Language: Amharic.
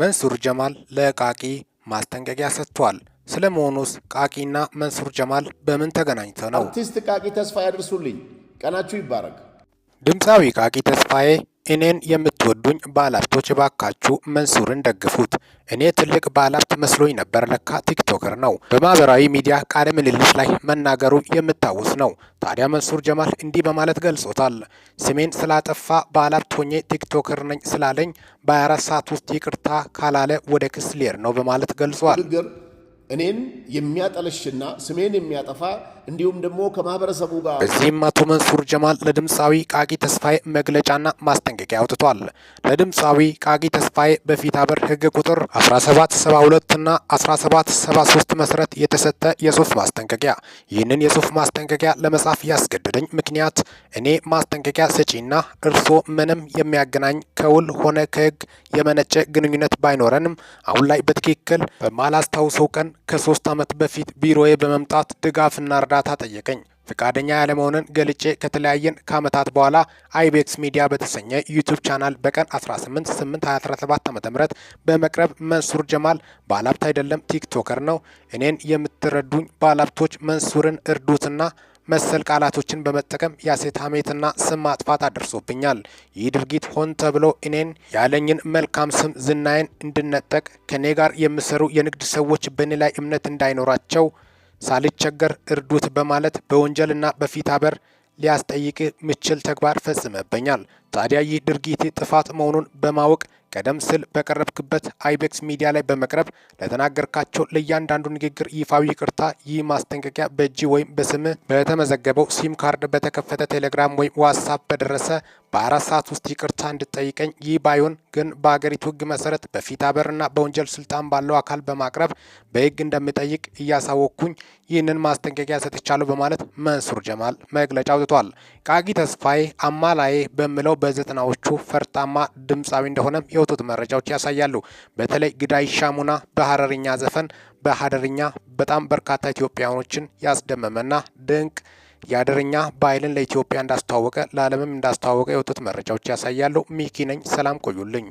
መንሱር ጀማል ለቃቂ ማስጠንቀቂያ ሰጥቷል። ስለመሆኑስ ቃቂና መንሱር ጀማል በምን ተገናኝተው ነው? አርቲስት ቃቂ ተስፋዬ ያድርሱልኝ። ቀናችሁ ይባረክ። ድምፃዊ ቃቂ ተስፋዬ እኔን የምትወዱኝ ባለሀብቶች ባካችሁ መንሱርን ደግፉት። እኔ ትልቅ ባለሀብት መስሎኝ ነበር፣ ለካ ቲክቶከር ነው። በማህበራዊ ሚዲያ ቃለ ምልልስ ላይ መናገሩ የምታወስ ነው። ታዲያ መንሱር ጀማል እንዲህ በማለት ገልጾታል። ስሜን ስላጠፋ ባለሀብት ሆኜ ቲክቶከር ነኝ ስላለኝ በ24 ሰዓት ውስጥ ይቅርታ ካላለ ወደ ክስ ሊሄድ ነው በማለት ገልጿል። እኔን የሚያጠለሽና ስሜን የሚያጠፋ እንዲሁም ደግሞ ከማህበረሰቡ ጋር በዚህም አቶ መንሱር ጀማል ለድምፃዊ ቃቂ ተስፋዬ መግለጫና ማስጠንቀቂያ አውጥቷል። ለድምፃዊ ቃቂ ተስፋዬ በፊት አበር ህግ ቁጥር 1772 ና 1773 መሰረት የተሰጠ የጽሁፍ ማስጠንቀቂያ። ይህንን የጽሁፍ ማስጠንቀቂያ ለመጻፍ ያስገደደኝ ምክንያት እኔ ማስጠንቀቂያ ሰጪና እርሶ ምንም የሚያገናኝ ከውል ሆነ ከህግ የመነጨ ግንኙነት ባይኖረንም አሁን ላይ በትክክል በማላስታውሰው ቀን ከሶስት ዓመት በፊት ቢሮዬ በመምጣት ድጋፍና እርዳ እርዳታ ጠየቀኝ። ፍቃደኛ ያለመሆንን ገልጬ ከተለያየን ከዓመታት በኋላ አይቤክስ ሚዲያ በተሰኘ ዩቱብ ቻናል በቀን 18827 ዓ ም በመቅረብ መንሱር ጀማል ባለሀብት አይደለም ቲክቶከር ነው፣ እኔን የምትረዱኝ ባለሀብቶች መንሱርን እርዱትና መሰል ቃላቶችን በመጠቀም የሐሰት ሐሜትና ስም ማጥፋት አድርሶብኛል። ይህ ድርጊት ሆን ተብሎ እኔን ያለኝን መልካም ስም ዝናዬን እንድነጠቅ ከእኔ ጋር የሚሰሩ የንግድ ሰዎች በእኔ ላይ እምነት እንዳይኖራቸው ሳልቸገር እርዱት በማለት በወንጀልና በፊታበር ሊያስጠይቅ ምችል ተግባር ፈጽመብኛል። ታዲያ ይህ ድርጊት ጥፋት መሆኑን በማወቅ ቀደም ስል በቀረብክበት አይቤክስ ሚዲያ ላይ በመቅረብ ለተናገርካቸው ለእያንዳንዱ ንግግር ይፋዊ ይቅርታ። ይህ ማስጠንቀቂያ በእጅ ወይም በስምህ በተመዘገበው ሲም ካርድ በተከፈተ ቴሌግራም ወይም ዋትሳፕ በደረሰ በአራት ሰዓት ውስጥ ይቅርታ እንድጠይቀኝ። ይህ ባይሆን ግን በአገሪቱ ሕግ መሰረት በፊታበርና በወንጀል ስልጣን ባለው አካል በማቅረብ በሕግ እንደምጠይቅ እያሳወቅኩኝ ይህንን ማስጠንቀቂያ ሰጥቻለሁ በማለት መንሱር ጀማል መግለጫ አውጥቷል። ቃጊ ተስፋዬ አማላዬ በሚለው በዘጠናዎቹ ፈርጣማ ድምፃዊ እንደሆነም የወጡት መረጃዎች ያሳያሉ። በተለይ ግዳይ ሻሙና በሀረርኛ ዘፈን በሀደርኛ በጣም በርካታ ኢትዮጵያውያኖችን ያስደመመና ድንቅ የሀደርኛ ባህልን ለኢትዮጵያ እንዳስተዋወቀ ለዓለምም እንዳስተዋወቀ የወጡት መረጃዎች ያሳያሉ። ሚኪ ነኝ። ሰላም ቆዩልኝ።